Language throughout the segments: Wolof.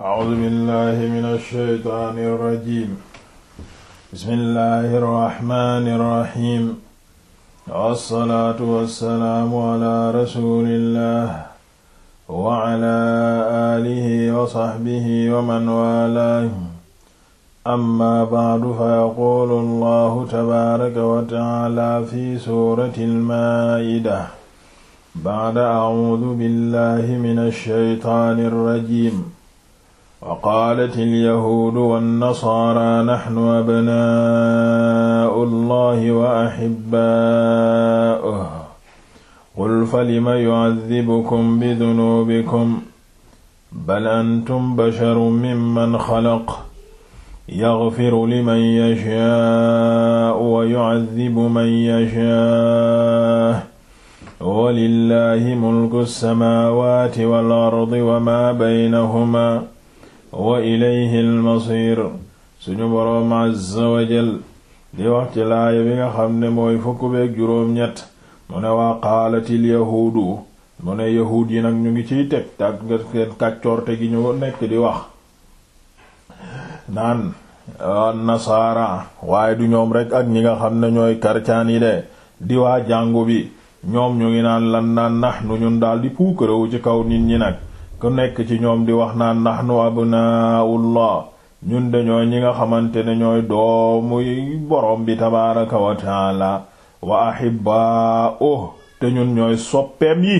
A'uuzu billaahi mina shaytaani rajiim. Bismillaahi rahmaani rahiim. Wassalaatu wassalaamu alaa rasuulillaah wa alaa aalihi wa sahbihi wa man waalaahu. Ammaa ba'du fayaquulu Allaahu tabaaraka wa ta'aalaa fi suuratil maa'ida. Ba'da a'uuzu billaahi mina shaytaani rajiim. wa qaalat alyahuudu wannasaara naxnu abnaau allahi wa axibbaa'uhu qul falima yucadibukum bidunuubikum bal antum basharu mimman xalaq yaghfiru liman yashaa'u wa yucadibu man yashaa'u walillahi mulku alsamaawaati wal ardi wa maa baynahumaa wa ilayhi almasir suñu boroom azza di wax ci laaya bi nga xam ne mooy fukk beeg juróom-ñett mu ne waa qaalatil yahuudu mu ne yahuud yi nag ñu ngi ciy teg tak nga seen kàccoorte gi ñu nekk di wax naan nasaara waaye du ñoom rek ak ñi nga xam ne ñooy karcaan yi de di waa jàngu bi ñoom ñu ngi naan lan naan na nu ñun daal di puukarewu ci kaw nit ñi nag ku nekk ci ñoom di wax naan nahnu abnaullah ñun dañoo ñi nga xamante ne ñooy doomu borom bi tabaaraka wa taala wa ahibba oh te ñun ñooy soppeem yi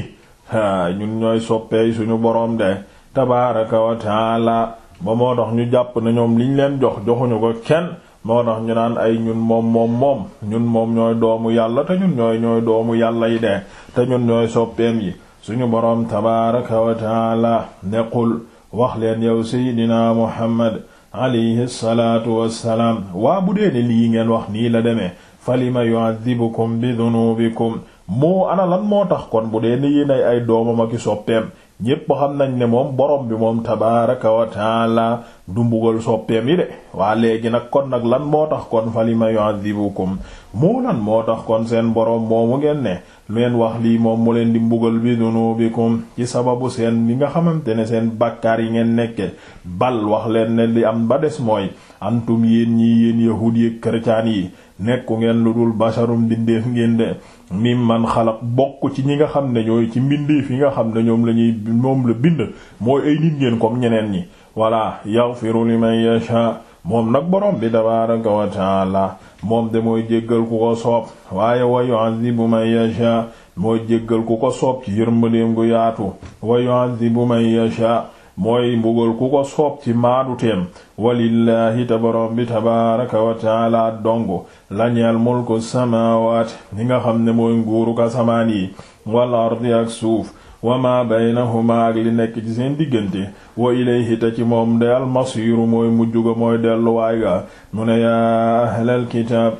haa ñun ñooy soppeey suñu borom de tabaaraka wa ba moo tax ñu jàpp na ñoom liñ leen jox joxuñu ko kenn moo tax ñu naan ay ñun moom moom moom ñun moom ñooy doomu yàlla te ñun ñooy doomu yàlla yi de te ñun ñooy soppeem yi suñu boroom tabaaraka wa taala ne qul wax leen yow seydinaa muhammad alayhi salaatu wassalaam waa bu dee ne lii ngeen wax nii la demee falima yu'adhibukum bi dhunubikum moo ana lan moo tax kon bu dee ne yéen ay ay doomam ak i soppeem ñépp xam nañ ne moom boroom bi moom tabaaraka wa la du mbugal soppeem yi de waa léegi nag kon nag lan moo tax kon falima yu'adhibukum mu lan moo tax kon seen borom moomu ngeen ne lu leen wax lii moom mu leen di mbugal bi dunubikum ci sababu seen bi nga xamante ne seen bàkkaar yi ngeen nekke bal wax leen ne li am ba des mooy antum yéen ñi yéen yahuud yi chrétien yi nekku ngeen lu dul basarum bindeef ngeen de mim man xalaq bokk ci ñi nga xam ne ñooy ci mbindeef fi nga xam ne ñoom la ñuy moom la bind mooy ay nit ngeen comme ñeneen ñi walla li liman yasha moom nag borom bi tabaaraka wa taala moom de mooy jéggal ku ko soob waaye wa bu may yasha mooy jéggal ku ko soob ci yërmandeem gu yaatu wa yu'adhibu man yasha mooy mbugal ku ko soob ci maadu teem walillahi ta borom bi tabaraka wa taala dong la ñeel mulku samaawaat li nga xam ne mooy nguuru kasamaan yi wal ardi ak suuf wa ma baynahuma ak li nekk ci seen diggante wa ilayhi ta ci moom de almasiiru mooy mujjuga mooy delluwaay ga mu ne yaa ahlal kitaab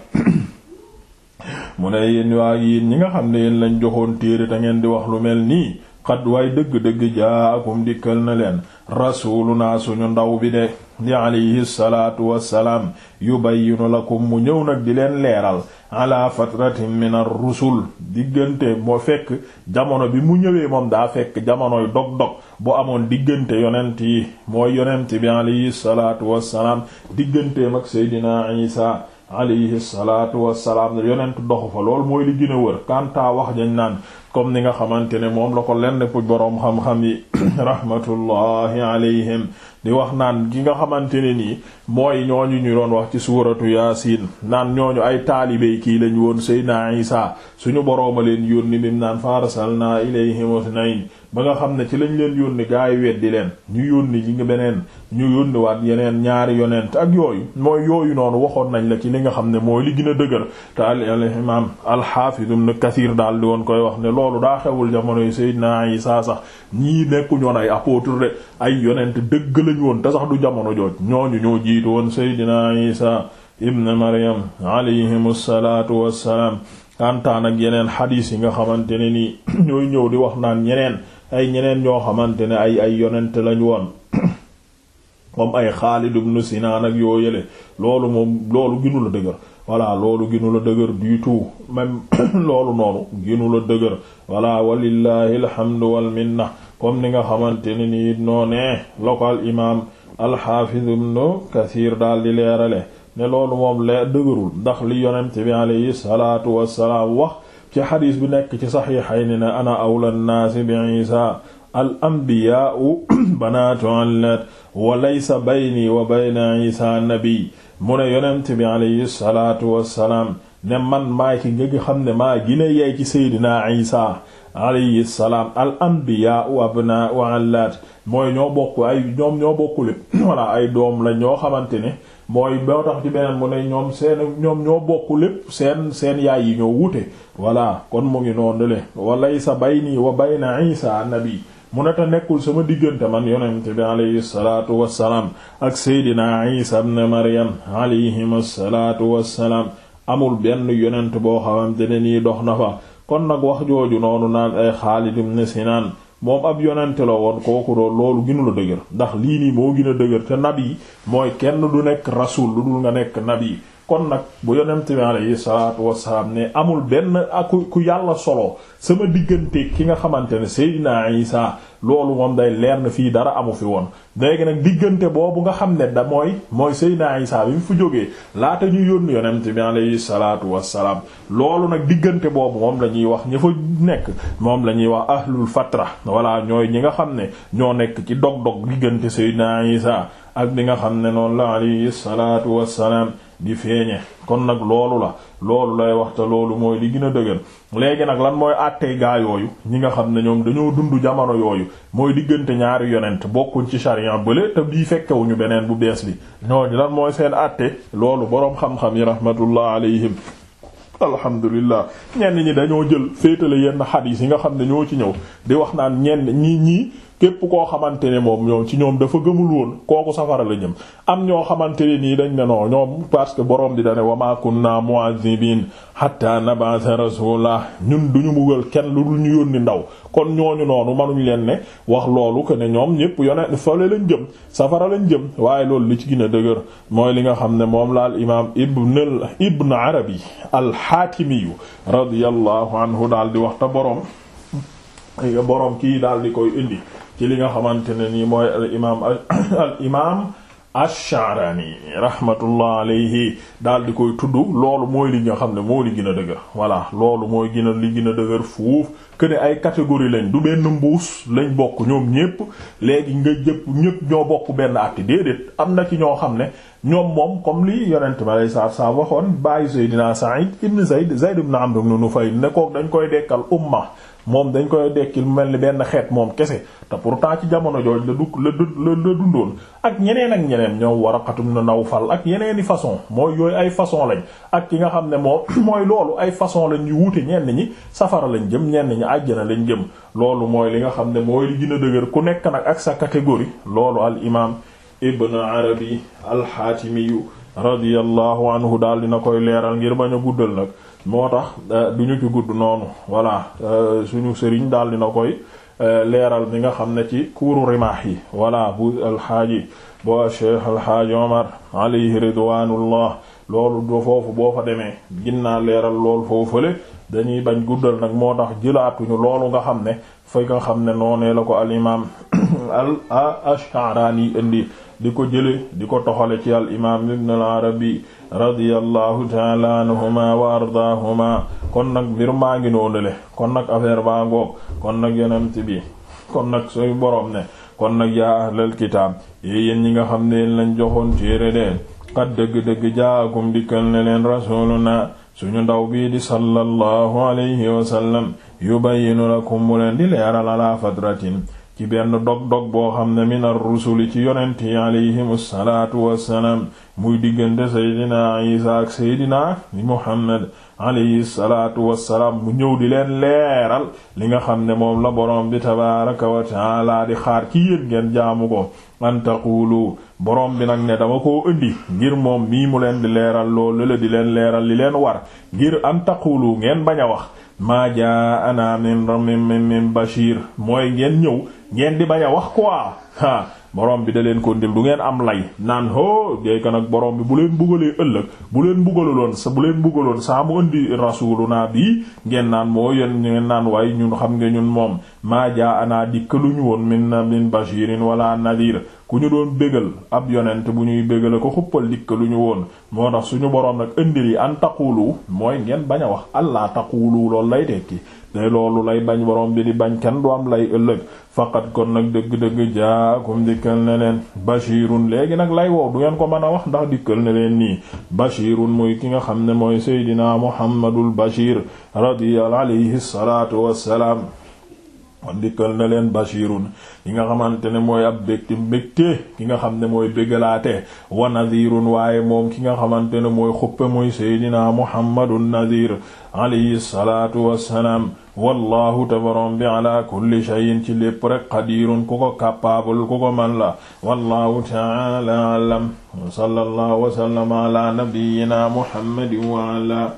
mu ne yéen waa yéen ñi nga xam ne yéen lañ joxoon téere te ngeen di wax lu mel nii qad waay dëgg-dëgg jaakum dikkal na leen rasuluna suñu ndaw bi de di alayhi salaatu yu yubayyinu lakum mu ñëw nag di leen leeral ala fatratin min rusul diggante moo fekk jamono bi mu ñëwee moom daa fekk jamonoy dog-dog bu amoon diggante yonent yi mooy yonent bi alayhi wassalaam digganteem ak seydina Isa alayhi salaatu wassalaam yonent doxu fa loolu mooy li gën a wër kanta wax dañ naan comme ni nga xamante ne moom la ko lenn pu boroom xam-xam yi rahmatullahi alayhim di wax naan ki nga xamante ne nii mooy ñooñu ñu doon wax ci suuratu Yaasiin naan ñooñu ay taalibe kii lañ woon Seydina Isaa suñu borooma leen yónni mim naan farsalnaa ilayhim isnayn ba nga xam ne ci lañ leen yónni gaay weddi leen ñu yónni li nga beneen ñu yónni waat yeneen ñaari yonent ak yooyu mooy yooyu noonu waxoon nañ la ci li nga xam ne mooy li gën a dëgër te al imaam al-Haafiz Ibn Kasiir daal di woon koy wax ne loolu daa xewul jamonoy Seydina Isaa sax ñii nekkuñoon ay apôtre ay yonent dëgg lañu woon te sax du jamono jooj ñooñu ñoo jiitu woon seydina isa ibn maryam alayhimu salaatu wassalaam kantaan ak yeneen xadiis yi nga xamante ne nii ñooy ñëw di wax naan ñeneen ay ñeneen ñoo xamante ne ay ay yonent lañ woon comme ay Xaalid ibn Sinaan ak yoo yële loolu moom loolu ginu la dëgër voilà loolu ginu la dëgër du loolu noonu ginu la dëgër voilà walillahi alhamdu wal comme ni nga xamante ne nii noonee la ko al imaam alxaafiz ibnu kasiir daal di leerale ne loolu moom lee dëgërul ndax li yonent bi alayhi salaatu wax ci xadiis bi nekk ci saxiixayni ne ana awla nnaasi bi isa al anbiyaau banaatu allat wa laysa bayni wa bayna isa nabi mu ne yonent bi alayhi salaatu ne man maa ci nga xam ne maa gina yey ci seydinaa Isaa alayhi salaam al anbiya wa abna wa allat mooy ñoo bokk ay ñoom ñoo bokkule walla ay doom la ñoo xamante ne mooy boo tax ci beneen mu ne ñoom seen ñoom ñoo bokk lépp seen seen yaay yi ñoo wute voilà kon mu ngi noonu le walaysa bayni wa bayna isa nabi mu ne te nekkul sama diggante man yonent bi alayhi salaatu wassalaam ak seydina isa ibn maryam alayhim salaatu wassalaam amul benn yonent boo xamante ne nii dox na fa kon nag wax jooju noonu naan ay Xaalid ibn Sinaan moom ab yonente la woon kooku doon loolu gënu la dëgër ndax lii nii moo gën a dëgër te yi mooy kenn du nekk rasuul lu dul nga nekk nab yi kon nag bu yonent bi alayhi salaatu wasalaam ne amul benn aku ku yàlla solo sama diggante ki nga xamante ne Seydina Isa loolu moom day leer na fii dara amu fi woon léegi nag diggante boobu nga xam ne da mooy mooy Seydina Isa bi mu fu jógee laata ñu yónni yonent bi alayhi salaatu wasalaam loolu nag diggante boobu moom la wax ña nekk moom la ñuy wax ahlul fatra walla ñooy ñi nga xam ne ñoo nekk ci dog-dog diggante Seydina Isa ak bi nga xam ne noonu la alayhi di feeñe kon nag loolu la loolu lay waxta loolu mooy li gën a dëgër léegi nag lan mooy àttee gaa yooyu ñi nga xam ne ñoom dañoo dund jamono yooyu mooy diggante ñaari yonent bokkuñ ci sharia bële te bii fekkewuñu beneen bu bees bi ñoo di lan mooy seen àtte loolu boroom xam-xam yi rahmatullah alayhim alhamdulillah ñenn ñi dañoo jël féetale yenn xadiis yi nga xam ne ñoo ci ñëw di wax naan ñenn ñii ñii képp koo xamante ne moom ñoom ci ñoom dafa gëmul woon kooku safara la jëm am ñoo xamante ne nii dañ ne non ñoom parce que borom bi dane wa ma kunna mu'azzibin hatta nab'atha rasula ñun duñu mbugal kenn lu dul ñu yónni ndaw kon ñooñu noonu manuñu leen ne wax loolu que ne ñoom ñépp yone fale lañ jëm safara lañ jëm waaye loolu li ci gën a dëgër mooy li nga xam ne moom la al imaam ibn ibn arabi al xaatimiyu radiyallahu anhu daal di wax te borom borom kii daal di koy indi ci li nga xamante ne nii mooy al imaam al imaam ash-Sha'rani rahmatullah alayhi daal di koy tudd loolu mooy li nga xam ne moo li gën a dëgër voilà loolu mooy gën a li gën a dëgër fuuf que ne ay catégorie lañ du benn mbuus lañ bokk ñoom ñépp léegi nga jëpp ñépp ñoo bokk benn àtte déedéet am na ci ñoo xam ne ñoom moom comme li yonent ma lay saar saa waxoon bàyyi Seydina Sa'id ibn Zayd Zayd ibn Amr ibn Nufayl ne kook dañ koy dekkal umma moom dañ koy dekkil mu mel ni benn xeet moom kese te pourtant ci jamono jooj la du la la dundoon ak ñeneen ak ñeneen ñoom Waraqatum na Nawfal ak yeneeni façon mooy yooyu ay façon lañ ak ki nga xam ne moom mooy loolu ay façon lañ yu wuute ñenn ñi safara lañ jëm ñenn ñi àjjana lañ jëm loolu mooy li nga xam ne mooy li gën a dëgër ku nekk nag ak sa catégorie loolu al imaam Ibn Arabi al-Haatimi radiyallahu anhu daal dina koy leeral ngir bañ a guddal nag moo tax euh, du ñu ci gudd noonu voilà euh, suñu sëriñ daal dina koy euh, leeral bi nga xam ne ci kuuru rimaax yi voilà bu alxaaji boo cheikh alxaaji omar alayhi ridwanullah loolu do foofu boo fa demee ginnaa leeral lool foofu dañuy bañ guddal nag moo tax jëlaatuñu loolu nga xam ne fa nga xam ne noonee la ko al imam al indi di ko jële di ko toxale ci al imam ibn al radiyallahu taala anhuma wa ardaahuma kon nag mbir maa ngi noonu le kon nag affaire baa ngoog kon nag yonent bi kon nag suy boroom ne kon nag yaa ahlal kitaab yi yéen ñi nga xam ne lañ joxoon téere de qad dëgg-dëgg jaakum dikkal ne leen rasuluna suñu ndaw bii di sallallahu alayhi wa sallam yubayyinu lakum mu leen di leeral ala fatratin ci benn dog-dog boo xam ne min ar-rusuli ci yonent yi alayhim salaatu wassalaam muy diggante seydina isa ak seydina muhammad alayhi salaatu wassalaam mu ñëw di leen leeral li nga xam ne moom la boroom bi tabaaraka wa taala di xaar ci yéen ngeen jaamu ko an taqulu borom bi nag ne dama koo indi ngir moom mii mu leen di leeral loolu la di leen leeral li leen war ngir an taqulu ngeen bañ a wax maa jaa ana min mooy ngeen ñëw ngeen di bañ a wax quoi ah borom bi da leen ko ndil du ngeen am lay naan ho jayka nag borom bi bu leen buggalee ëllëg bu leen buggalu loon sa bu leen bugaloon saa mu indi naa bii ngeen naan moo yéen ngeen naan waaye ñun xam nga ñun moom maa jaa anaa dikkaluñu woon min na min bashirin wala nadir ku ñu doon bégal ab yonent bu ñuy bégale ko xuppal dikk lu ñu woon moo tax suñu boroom nag indil yi an taqulu mooy ngeen bañ a wax allah taqulu loolu lay tekki te loolu lay bañ boroom bi di bañ kenn du am lay ëllëg faqat kon nag dëgg-dëgg jaakum dikkal ne leen bashirun léegi nag lay woo du ngeen ko mën a wax ndax dikkal ne leen nii bashirun muy ki nga xam ne mooy seydinaa muhammadul bashir radial alayhi salaatu wassalaam kon dikkal na leen bashirun ki nga xamante ne mooy ab bégti ki nga xam ne mooy bégalaate wa nadirun waaye moom ki nga xamante ne mooy xuppe moy seydina muhammadun nadir alayhi salatu wassalaam wallahu tabarom bi ala kulli shay'in ci lépp rek qadirun ku ko capable ku man la wallahu ta'ala alam wa sallallahu wa sallama ala nabiyyina muhammadin wa ala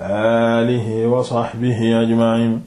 alihi wa sahbihi ajma'in